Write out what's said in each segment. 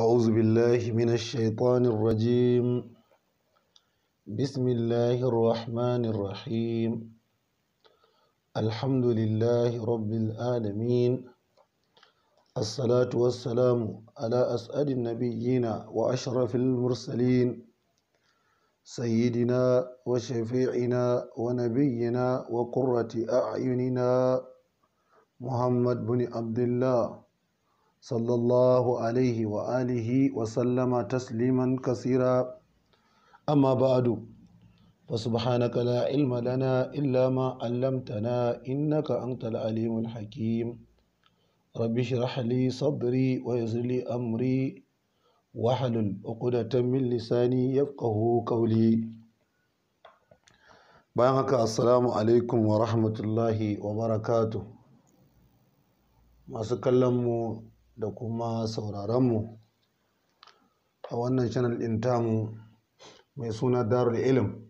أعوذ بالله من الشيطان الرجيم بسم الله الرحمن الرحيم الحمد لله رب العالمين الصلاة والسلام على أسعد النبيين وأشرف المرسلين سيدنا وشفيعنا ونبينا وقرة أعيننا محمد بن عبد الله صلى الله عليه وآله وسلم تسليما كثيرا أما بعد فسبحانك لا علم لنا إلا ما علمتنا إنك أنت العليم الحكيم رب اشرح لي صدري ويسر لي أمري واحلل عقدة من لساني يفقه قولي bayan haka assalamu alaikum wa rahmatullahi wa barakatu masu kallonmu da kuma sauraronmu a wannan channel ɗin tamu mai suna darul ilim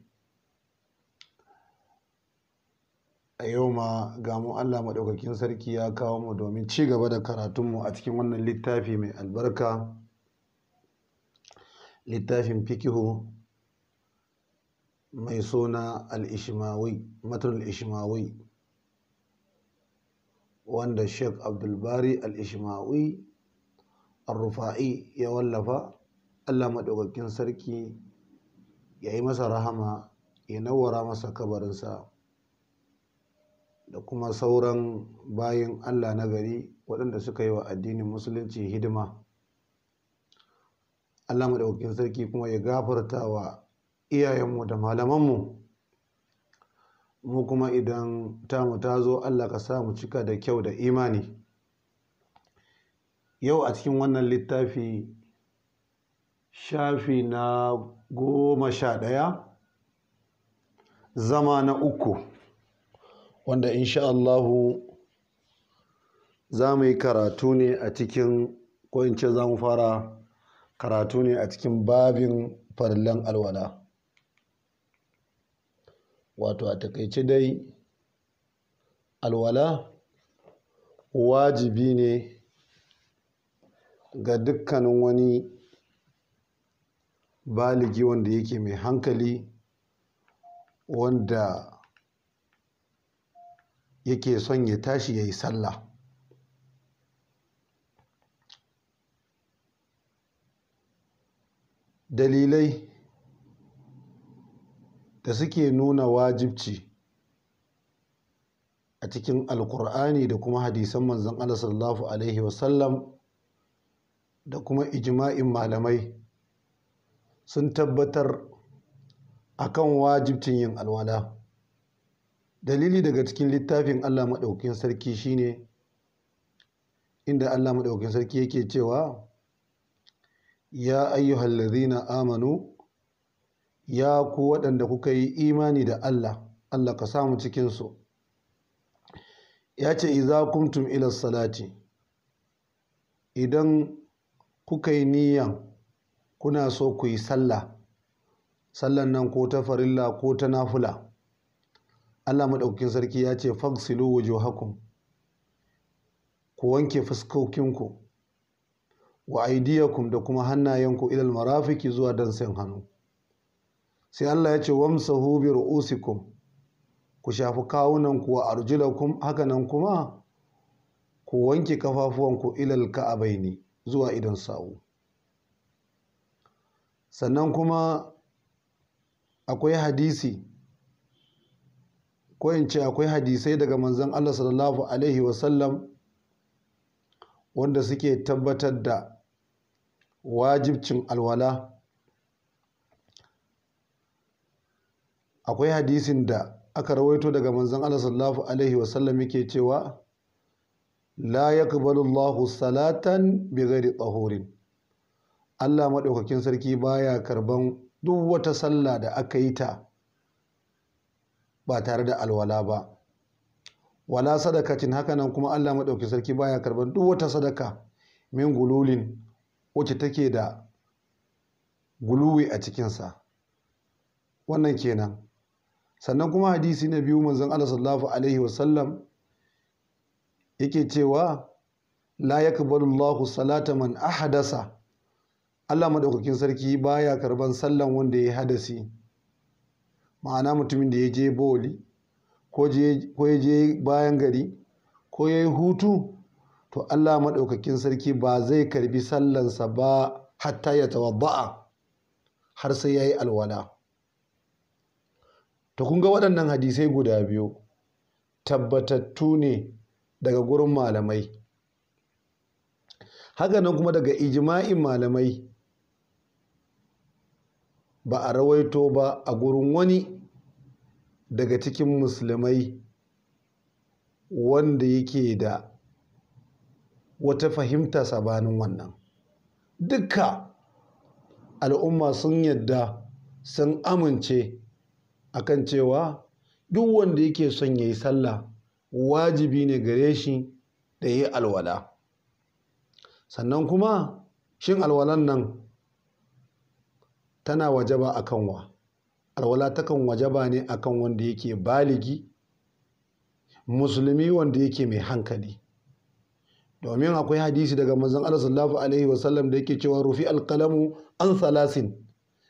a yau ma gamu mu allah maɗaukakin sarki ya kawo mu domin ci gaba da karatunmu a cikin wannan littafi mai albarka littafin fikihu mai suna al-ishimawi al wanda sheikh abdulbari al ishmai al-rufa'i ya wallafa allah maɗaukakin sarki ya yi masa rahama ya nawara masa kabarinsa da kuma sauran bayan allah na gari waɗanda suka yi wa addinin musulunci hidima allah maɗaukakin sarki kuma ya gafarta wa iyayenmu da malamanmu mu kuma idan tamu ta zo Allah ka sa mu cika da kyau da imani yau a cikin wannan littafi shafi na goma sha ɗaya zama na uku wanda insha Allahu za mu yi karatu ne a cikin ko in ce za mu fara karatu ne a cikin babin farillan alwala wato a takaice dai alwala wajibi ne ga dukkanin wani baligi wanda yake mai hankali wanda yake son ya tashi ya yi sallah dalilai da suke nuna wajibci a cikin alkur'ani da kuma hadisan manzon Allah sallallahu alaihi wasallam da kuma ijma'in malamai sun tabbatar a kan wajibcin yin alwala dalili daga cikin littafin Allah maɗaukin sarki shine inda Allah maɗaukin sarki yake cewa ya ayyuhallazina amanu ya ku waɗanda kuka yi imani da Allah Allah ka samu cikinsu ya ce iza kumtum ila salati idan kuka yi niyan kuna so ku yi sallah sallan nan ko ta farilla ko ta nafula Allah maɗaukakin sarki ya ce fagsilu hakun. ku wanke fuskokinku wa aidiyakum da kuma hannayenku ilal marafiki zuwa dansin hannu sai Allah ya ce wamsahu bi ru'usikum ku shafi kawunan ku wa arjulakum nan kuma ku wanke kafafuwan ku ilal ka'abaini zuwa idan sawu sannan kuma akwai hadisi ko in ce akwai hadisai daga manzon Allah sallallahu alaihi sallam wanda suke tabbatar da wajibcin alwala akwai hadisin da aka rawaito daga manzon Allah sallallahu alaihi wasallam yake cewa la yaqbalu Allahu salatan bighairi tahurin Allah madaukakin sarki baya karban duk wata sallah da aka yi ta ba tare da alwala ba wala sadakacin nan kuma Allah madaukakin sarki baya karban duk wata sadaka min gululin wacce take da guluwi a cikinsa wannan kenan sannan kuma hadisi na biyu manzon Allah sallallahu alaihi wasallam yake cewa la yakbalu Allahu salata man ahdasa Allah madaukakin sarki baya karban sallan wanda ya hadasi ma'ana mutumin da ya je boli ko ya je bayan gari ko ya hutu to Allah maɗaukakin sarki ba zai karbi sallansa ba hatta ya tawadda'a har sai yayi alwala to kun ga waɗannan hadisai guda biyu tabbatattu ne daga gurin malamai haka nan kuma daga ijima'in malamai ba a rawaito ba a gurin wani daga cikin musulmai wanda yake da wata fahimta sabanin wannan dukka al'umma sun yadda sun amince akan cewa duk wanda yake son ya yi sallah wajibi ne gare shi da ya alwala sannan kuma shin alwalan nan tana wajaba akan wa alwala takan wajaba ne akan wanda yake baligi musulmi wanda yake mai hankali domin akwai hadisi daga manzon Allah sallallahu alaihi wasallam da yake cewa rufi alqalamu an salasin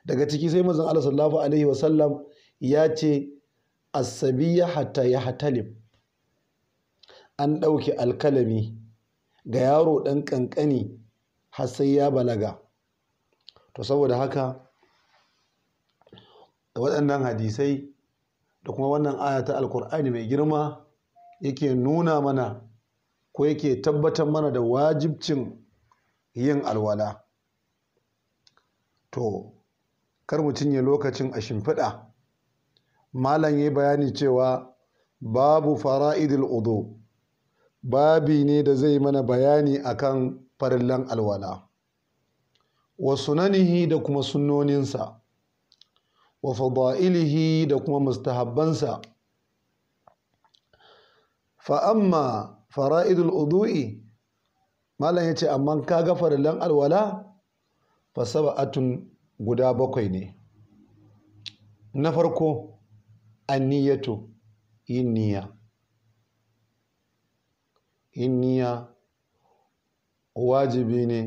daga ciki sai manzon Allah sallallahu alaihi wasallam ya ce asabi ya hata ya hatalib an ɗauki alkalami ga yaro ɗan ƙanƙani har sai ya balaga to saboda haka waɗannan hadisai da kuma wannan aya ta alkur'ani mai girma yake nuna mana ko yake tabbatar mana da wajibcin yin alwala to kar mu cinye lokacin a shimfiɗa malam ya bayani cewa babu fara'idil udu babi ne da zai mana bayani akan farillan alwala wa sunanihi da kuma sunnoninsa wa fada'ilihi da kuma mustahabbansa fa amma fara'idul udu'i malam ya ce amma kaga farillan alwala fa saba'atun guda bakwai ne na farko anniyatu yin niyya yin niyya wajibi ne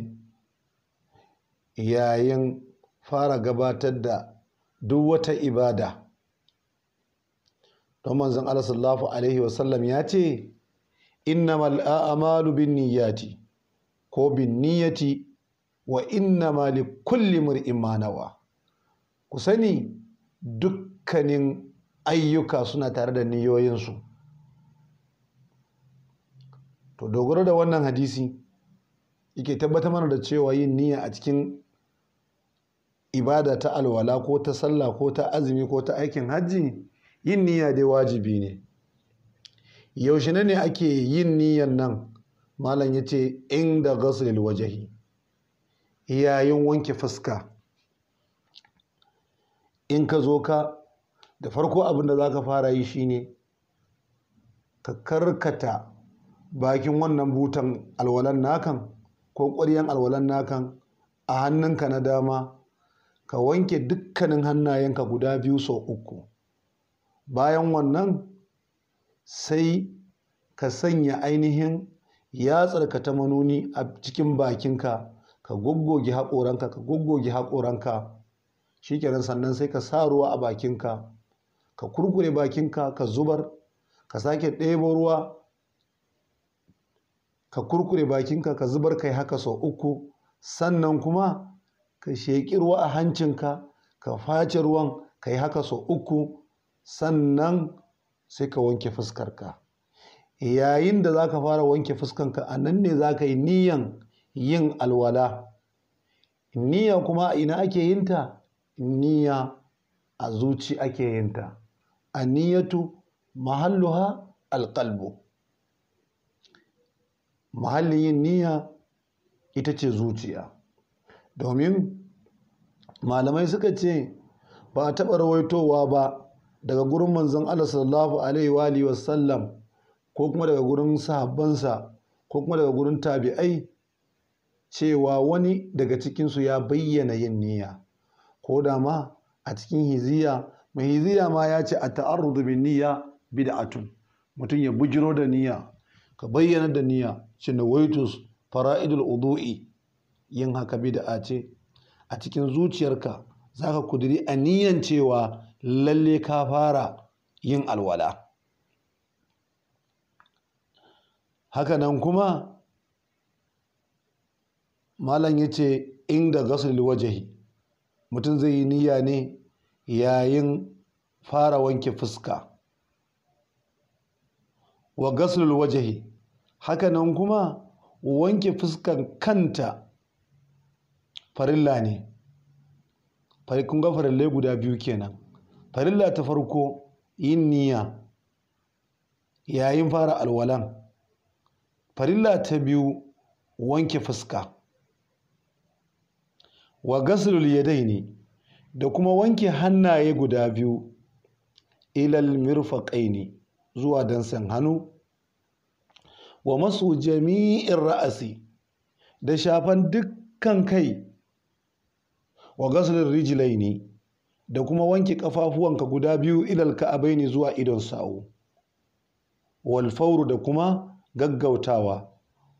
yayin fara gabatar da duk wata ibada don manzon Allah sallallahu alaihi wasallam ya ce innamal a'malu bin niyyati ko bin niyyati wa innama li kulli ku sani dukkanin ayyuka suna tare da niyoyinsu to dogaro da wannan hadisi yake tabbatar mana da cewa yin niyya a cikin ibada ta alwala ko ta sallah ko ta azumi ko ta aikin hajji yin niyya dai wajibi ne yaushe ne ne ake yin niyyan nan malam ya ce inda ghaslil wajahi yayin wanke fuska in ka zo ka da farko abin da za ka fara yi shine ka karkata bakin wannan butan alwalan nakan ko ƙwaryan alwalan nakan a hannunka na dama ka wanke dukkanin hannayenka guda biyu sau uku bayan wannan sai ka sanya ainihin ka ta manoni a cikin bakinka ka goggoge haƙoranka ka goggoge haƙoranka shikenan sannan sai ka sa ruwa a bakinka ka kurkure bakinka ka zubar ka sake ɗebo ruwa ka kurkure bakinka ka zubar kai haka sau uku sannan kuma ka sheƙi ruwa a hancinka ka face ruwan kai haka sau uku sannan sai ka wanke fuskarka yayin da za ka fara wanke fuskanka a nan ne za ka yi niyan yin alwala niyya kuma a ina ake yinta niyya a zuci ake yinta Aniyatu mahalluha alƙalbu mahallin yin niyya ita ce zuciya domin malamai suka ce ba a taɓa rawaitowa ba daga gurin manzon Allah sallallahu alaihi wa wasallam ko kuma daga gurin sahabbansa ko kuma daga gurin tabi'ai cewa wani daga cikinsu ya bayyana yin niyya ko da ma a cikin hiziya mai hiziya ma ya ce a ta'arrudu bin niyya bid'atun mutum ya bujiro da niyya ka bayyana da niyya waitus fara'idul udu'i yin haka bid'a ce a cikin zuciyarka zaka kudiri aniyan cewa lalle ka fara yin alwala hakanan kuma malam ce inda gasar wajahi mutum zai yi niyya ne yayin fara wanke fuska wa gasul wajahi hakanan kuma wanke fuskan kanta farilla ne kun ga farillai guda biyu kenan farilla ta farko yin niyya yayin fara alwalan farilla ta biyu wanke fuska wa yadai ne. da kuma wanke hannaye guda biyu ilal mirfaqaini zuwa dansan hannu wa masu jami'in ra'asi da shafan dukkan kai wa gaslin rijilaini da kuma wanke kafafuwanka guda biyu ilal ka'abaini zuwa idon sa'u. wal fauru da kuma gaggautawa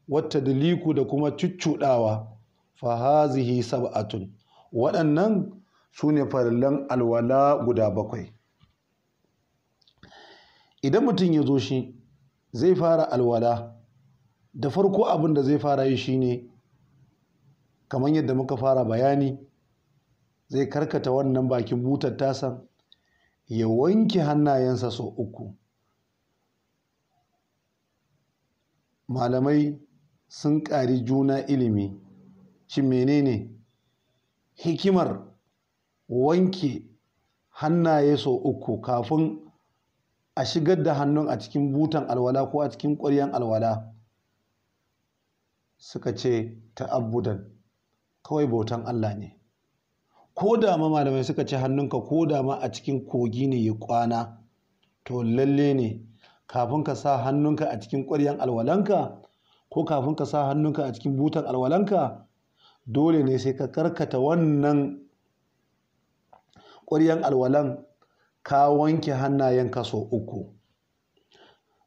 wata liku da kuma cuccuɗawa fa hazihi sab'atun waɗannan su ne farillan alwala guda bakwai idan mutum ya zo shi zai fara alwala da farko abin da zai fara yi shine kamar yadda muka fara bayani zai karkata wannan bakin butar tasa, ya wanke hannayensa sau uku malamai sun ƙari juna ilimi shi menene hikimar wanke hannaye sau uku kafin a shigar da hannun a cikin butan alwala ko a cikin ƙwaryen alwala suka ce ta'abbudan kawai bautan Allah ne ko da ma malamai suka ce hannunka ko da ma a cikin kogi ne ya kwana to lalle ne kafin ka sa hannunka a cikin ƙwaryen alwalanka ko kafin ka sa hannunka a cikin butan alwalanka dole ne sai ka karkata wannan ƙwaryan alwalan ka wanke hannayen kaso sau uku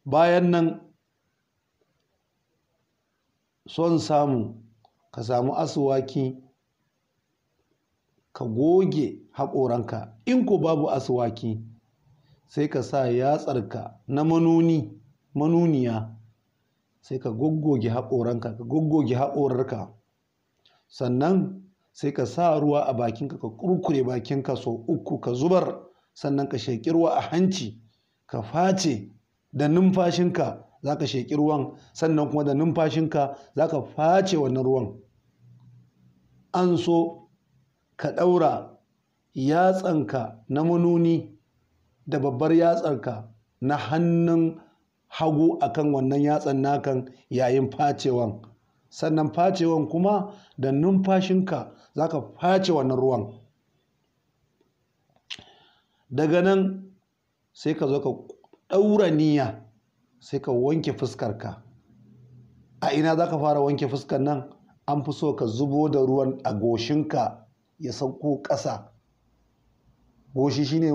bayan nan son samu ka samu asuwaki ka goge haƙoranka in ko babu asuwaki sai ka sa yatsarka na manuni manuniya sai ka goggoge haƙoranka ka goggoge haƙorarka sannan sai ka sa ruwa a bakinka ka kurkure bakinka so uku ka zubar sannan ka sheƙi ruwa a hanci ka face da numfashinka za ka sheƙi ruwan sannan kuma da numfashinka za ka face wannan ruwan an so ka ɗaura yatsanka na manuni da babbar yatsarka na hannun hagu akan wannan yatsan nakan yayin facewan sannan facewan kuma da numfashinka za ka face wannan ruwan daga nan sai ka zo ka ɗaura niyya sai ka wanke fuskarka a ina za ka fara wanke fuskar nan an fi so ka zubo da ruwan a goshinka ya sauko ƙasa goshi shine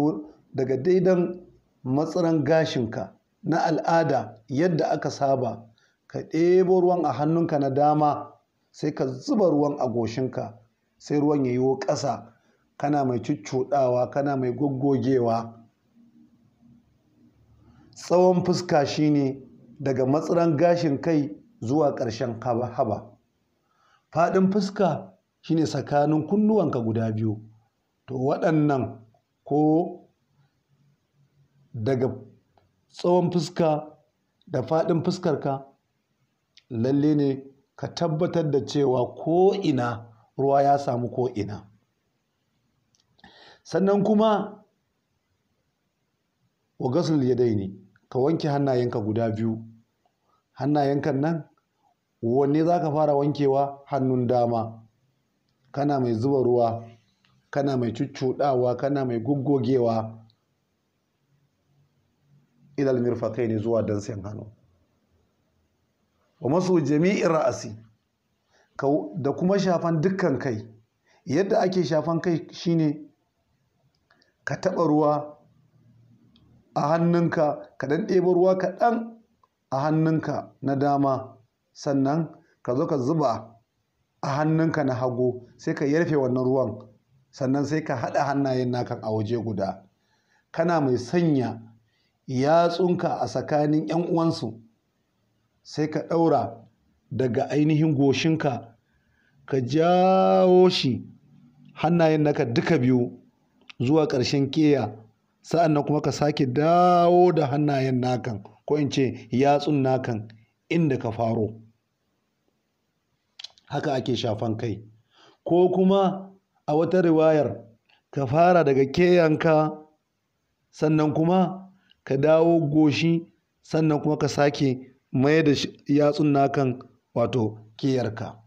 daga daidan matsaran gashinka na al'ada yadda aka saba ka ɗebo ruwan a hannunka na dama sai ka zuba ruwan a goshinka sai ruwan ya yiwo ƙasa kana mai cuccuɗawa kana mai goggogewa tsawon fuska shine daga matsiran gashin kai zuwa ƙarshen haba faɗin fuska shine tsakanin kunnuwanka guda biyu to waɗannan ko daga tsawon fuska da faɗin fuskarka lalle ne ka tabbatar da cewa ko ina ruwa ya samu ko'ina sannan kuma wa gasul daini, ka wanke hannayenka guda biyu hannayenkan nan wanne za ka fara wankewa hannun dama kana mai zuba ruwa kana mai cuccuɗawa kana mai guggogewa mirfa kai ne zuwa dansen hannu wa masu jami'in ra'asi da kuma shafan dukkan kai yadda ake shafan kai shine ka taɓa ruwa a hannunka ka ɗan ɗebo ruwa kaɗan a hannunka na dama sannan ka zo ka zuba a hannunka na hagu sai ka yarfe wannan ruwan sannan sai ka haɗa hannayen nakan a waje guda kana mai sanya yatsunka a tsakanin 'yan uwansu sai ka ɗaura daga ainihin goshinka ka jawo shi hannayen naka duka biyu zuwa ƙarshen keya sa'an nan kuma ka sake dawo da hannayen nakan ko in ce yatsun nakan inda ka faro haka ake shafan kai ko kuma a wata riwayar ka fara daga keyanka sannan kuma ka dawo goshi sannan kuma ka sake mai da yatsun nakan wato keyarka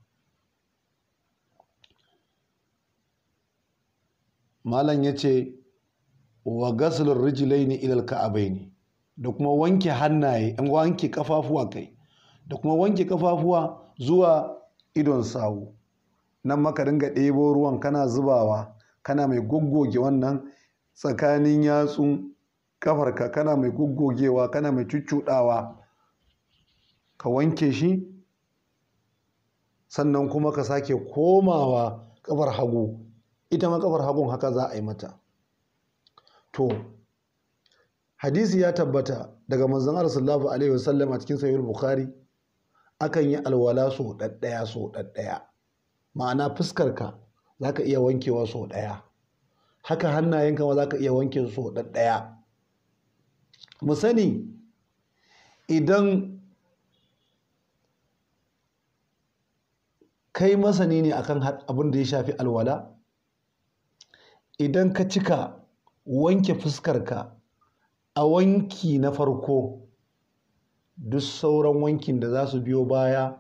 malam ya ce wa gasulun rijilaini ilal ne da kuma wanke hannaye wanke kafafuwa kai da kuma wanke kafafuwa zuwa idon sawu nan maka dinga ɗebo ruwan kana zubawa kana mai goggoge wannan tsakanin yatsun kafarka kana mai goggogewa kana mai cuccuɗawa ka wanke shi sannan kuma ka sake komawa kafar hagu ita ma kafar hagun haka za a yi mata to hadisi ya tabbata daga manzon Allah sallallahu alaihi wasallam a cikin sahih bukhari akan yi alwala so daddaya so daddaya ma'ana fuskar ka zaka iya wankewa so daya haka ka ma zaka iya wanke su so daddaya mu sani idan kai masani ne akan abin da ya shafi alwala Idan ka cika wanke fuskarka a wanki na farko, duk sauran wankin da za su biyo baya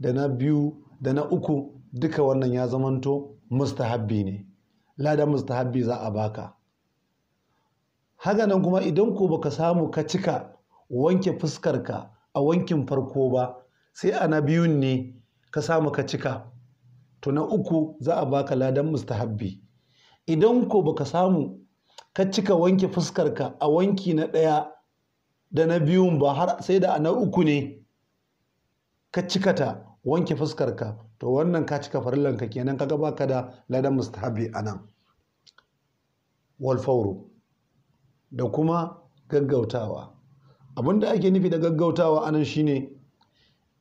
da na biyu da na uku duka wannan ya zamanto mustahabbi ne. Ladan mustahabbi za a baka. haganan kuma idan ko baka samu ka cika wanke fuskarka a wankin farko ba, sai a na biyun ne ka samu ka cika, to na uku za a baka ladan mustahabbi. idan ko baka samu ka cika wanke fuskarka a wanki na ɗaya da na biyun ba har sai da na uku ne ka cika ta wanke fuskarka to wannan ka cika farillanka kenan ka kaga baka da ladan mustahabi anan wal fawru da kuma gaggautawa abinda ake nufi da gaggautawa anan shine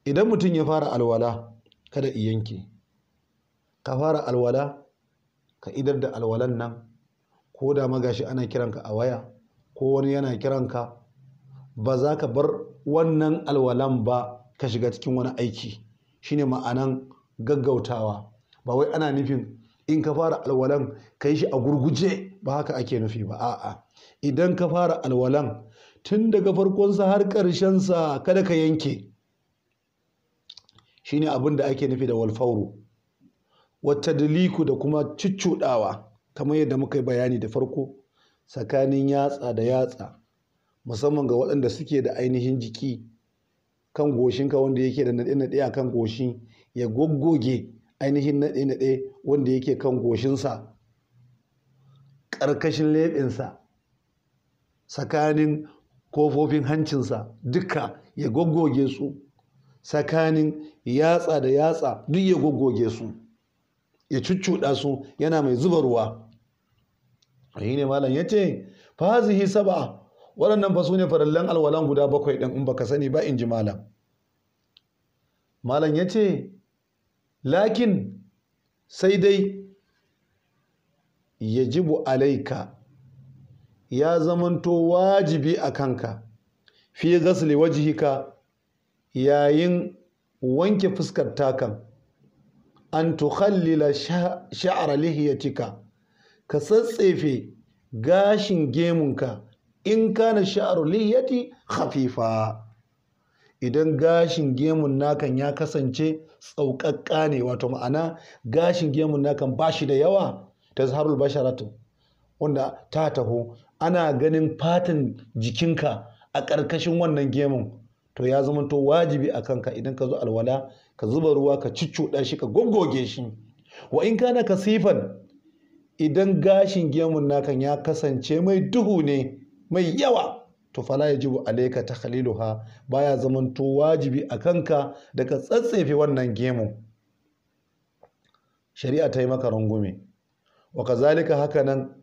idan mutum ya fara alwala kada yanke ka fara alwala ka idar da alwalan nan ko da magashi ana kiranka a waya ko wani yana kiranka ba za ka bar wannan alwalan ba ka shiga cikin wani aiki shine ma'anan gaggautawa ba wai ana nufin in ka fara alwalan ka yi shi a gurguje ba haka ake nufi ba a'a idan ka fara alwalan tun daga farkonsa har ƙarshensa kada ka yanke shine abin da ake nufi da walfauru wata daliku da kuma cuccuɗawa kamar yadda muka yi bayani da farko tsakanin yatsa da yatsa musamman ga waɗanda suke da ainihin jiki kan goshinka wanda yake da naɗe-naɗe a kan goshi ya goggoge ainihin naɗe-naɗe wanda yake kan goshinsa ƙarƙashin leɓinsa tsakanin kofofin hancinsa duka ya goggoge su tsakanin yatsa da yatsa duk ya goggoge su ya cuccuɗa su yana mai zuba ruwa shi ne malam ya ce fa sab'a waɗannan fa su ne farallan alwalan guda bakwai ɗin in baka sani ba in ji malam malam ya ce lakin sai dai ya yajibu alaika ya zamanto wajibi a kanka fi gasli wajihika yayin wanke fuskar takan an tukhallila sha'ar lihiyatika ka tsatsefe gashin gemunka in kana sha'ar lihiyati khafifa idan gashin gemun nakan ya kasance tsaukakka ne wato ma'ana gashin gemun nakan bashi da yawa ta zaharul basharatu wanda ta taho ana ganin fatan jikinka a ƙarƙashin wannan gemun to ya zama to wajibi a kanka idan ka zo alwala ka zuba ruwa ka ciccuɗa shi ka goggoge shi wa in kana kasifan idan gashin gemun nakan ya kasance mai duhu ne mai yawa to fala ya yajibu alayka takhliluha baya zamanto wajibi a kanka da ka tsatsefe wannan gemu shari'a ta yi maka rungume wa kazalika haka nan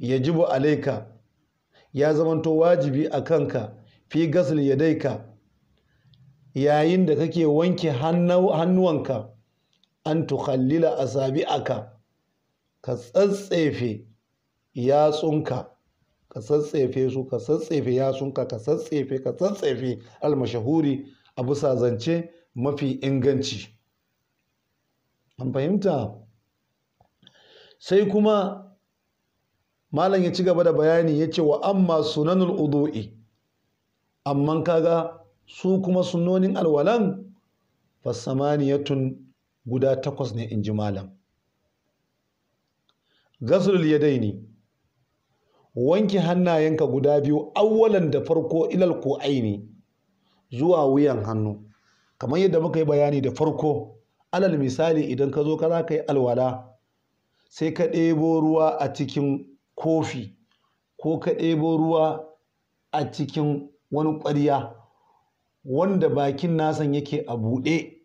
jibu alaika, ya zamanto wajibi a kanka fi ya yadaika yayin da kake wanke hannuwanka an tukhallila aka ka tsatsefe yatsunka ka tsatsefe su ka tsatsefe yatsunka ka tsatsefe ka tsatsefe almashahuri a bisa zance mafi inganci an fahimta sai kuma malam ya ci gaba da bayani ya ce wa amma sunanul udu'i amman kaga su kuma sunonin alwalan fasamaniyatun guda takwas ne in ji malam gasul yadaini wanke hannayenka guda biyu awwalan da farko ilal ko aini zuwa wuyan hannu kamar yadda muka yi bayani da farko alal misali idan ka zo ka za ka yi alwala sai ka ɗebo ruwa a cikin kofi ko ka ɗebo ruwa a cikin wani ƙwarya wanda bakin nasan yake a buɗe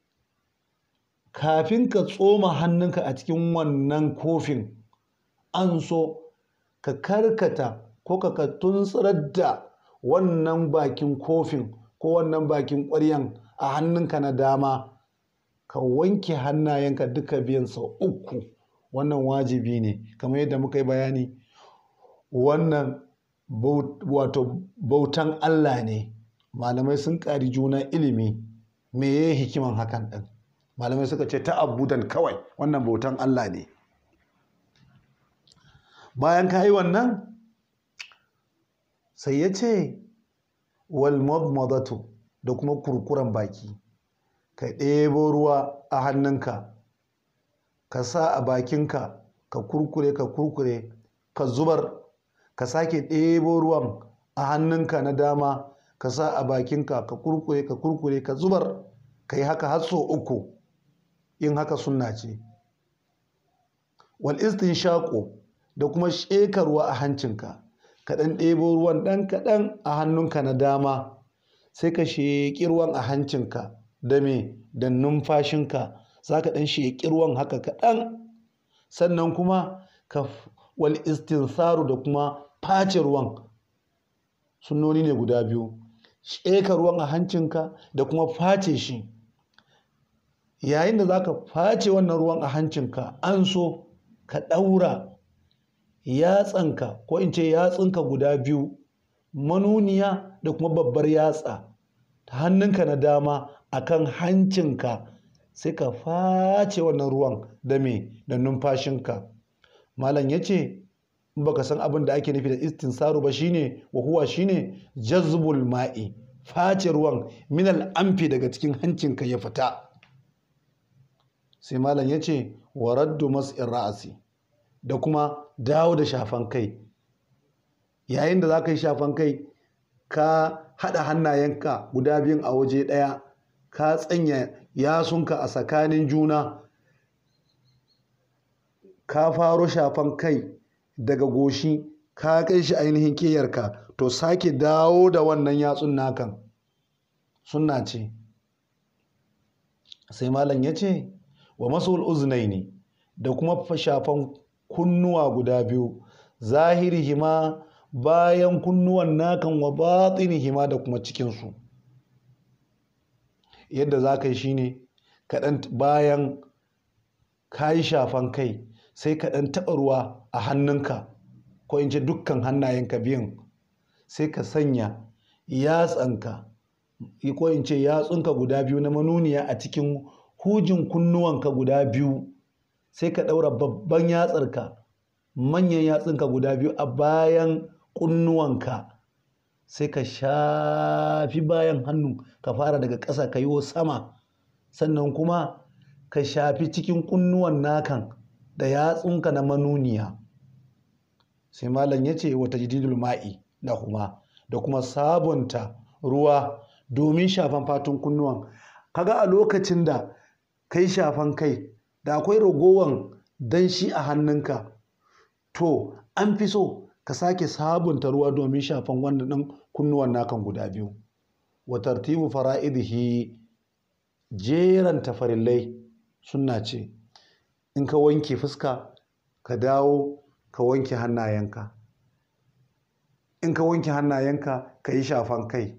kafin ka tsoma hannunka a cikin wannan kofin an so ka karkata ko ka tuntsirar da wannan bakin kofin ko wannan bakin ƙwaryan a hannunka na dama ka wanke hannayenka duka biyan sau uku wannan wajibi ne kamar yadda muka yi bayani wannan wato bautan Allah ne malamai sun ƙari juna ilimi me ya yi hikiman hakan ɗin malamai suka ce ta abudan kawai wannan bautan Allah ne bayan ka yi wannan sai ya ce walmadmadatu da kuma kurkuren baki ka ɗebo ruwa a hannunka ka sa a bakinka ka kurkure ka kurkure ka zubar ka sake ɗebo ruwan a hannunka na dama ka sa a bakinka ka kurkure ka kurkure ka zubar ka yi haka har sau uku yin haka sunna ce Wal'istin shaƙo da kuma shekarwa a hancinka ka ɗan ɗebo ruwan ɗan kaɗan a hannunka na dama sai ka sheƙi ruwan a hancinka da me da numfashinka za ka ɗan sheƙi ruwan haka kaɗan sannan kuma ka wal tsaro da kuma face ruwan sunnoni ne guda biyu tseka ruwan a hancinka da kuma face shi yayin da za ka face wannan ruwan a hancinka an so ka ɗaura yatsanka ko in ce yatsunka guda biyu manuniya da kuma babbar yatsa ta hannunka na dama a kan hancinka sai ka face wannan ruwan da me da numfashinka malam ya ce baka san abin da ake nufi da istinsaru ba shine wa huwa shine jazbul ma'i face ruwan minal amfi daga cikin hancin ka ya fita sai malam ya ce wa raddu mas'in ra'asi da kuma dawo da shafan kai yayin da za ka yi shafan kai ka haɗa hannayenka guda biyun a waje ɗaya ka tsanya yasunka a tsakanin juna ka faro shafan kai daga goshi ka kai shi ainihin ƙeyarka to sake dawo da wannan yatsun nakan sunna ce sai malam ya ce wa masul ne, da kuma shafan kunnuwa guda biyu zahiri hima bayan kunnuwan nakan wa hima da kuma cikinsu yadda za ka yi shine kaɗan bayan ka yi shafan kai sai kaɗan taɓa ruwa a hannunka ko in ce dukkan hannayenka biyun sai ka sanya yatsanka ko in ce yatsunka guda biyu na manuniya a cikin hujin kunnuwanka guda biyu sai ka ɗaura babban yatsarka manyan yatsunka guda biyu a bayan kunnuwanka sai ka shafi bayan hannu ka fara daga ƙasa ka yi wa sama sannan kuma ka shafi cikin kunnuwan nakan da yatsunka na manuniya sai malam ya ce wata jididul ma'i da kuma da kuma sabonta ruwa domin shafan fatun kunnuwan kaga a lokacin da kai shafan kai da akwai ragowan danshi a hannunka to an fi so ka sake sabunta ruwa domin shafan wannan ɗin kunnuwan nakan guda biyu wa tartibu fara'idihi jeran tafarillai suna ce in ka wanke fuska ka dawo ka wanke hannayenka in ka wanke hannayenka ka yi shafan kai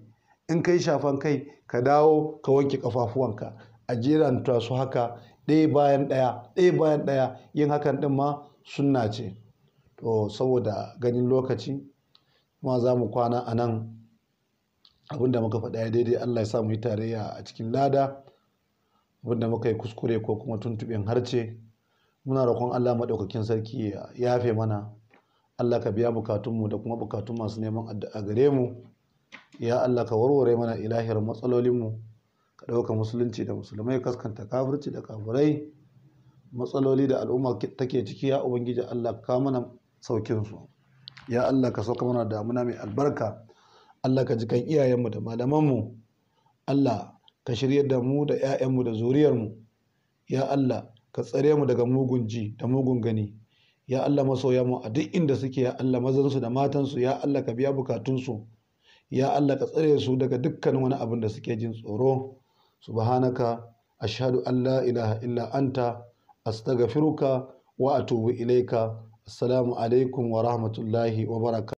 in ka yi shafan kai ka dawo ka wanke ƙafafuwanka a jeranta su haka ɗaya bayan ɗaya ɗaya bayan ɗaya yin hakan ɗin ma sunna ce to saboda ganin lokaci ma za mu kwana a nan abinda muka faɗa ya daidai allah ya sa mu yi tarayya a cikin lada abinda muka yi kuskure ko kuma tuntuɓin harce muna roƙon Allah maɗaukakin sarki ya yafe mana Allah ka biya bukatunmu da kuma bukatun masu neman addu'a gare mu ya Allah ka warware mana ilahiyar matsalolinmu ka ɗauka musulunci da musulmai kaskanta kafirci da kafirai matsaloli da al'umma take ciki ya ubangiji Allah ka mana saukin su ya Allah ka sauka mana damuna mai albarka Allah ka jikan iyayenmu da malamanmu Allah ka shirya da mu da 'ya'yanmu da zuriyarmu ya Allah ka tsare mu daga mugun ji da mugun gani ya Allah masoya mu a duk inda suke ya Allah mazansu da matansu ya Allah ka biya bukatunsu ya Allah ka tsare su daga dukkan wani abin da suke jin tsoro subhanaka ashhadu an la ilaha illa anta astaghfiruka wa atubu ilaika assalamu alaikum wa rahmatullahi wa barakatuh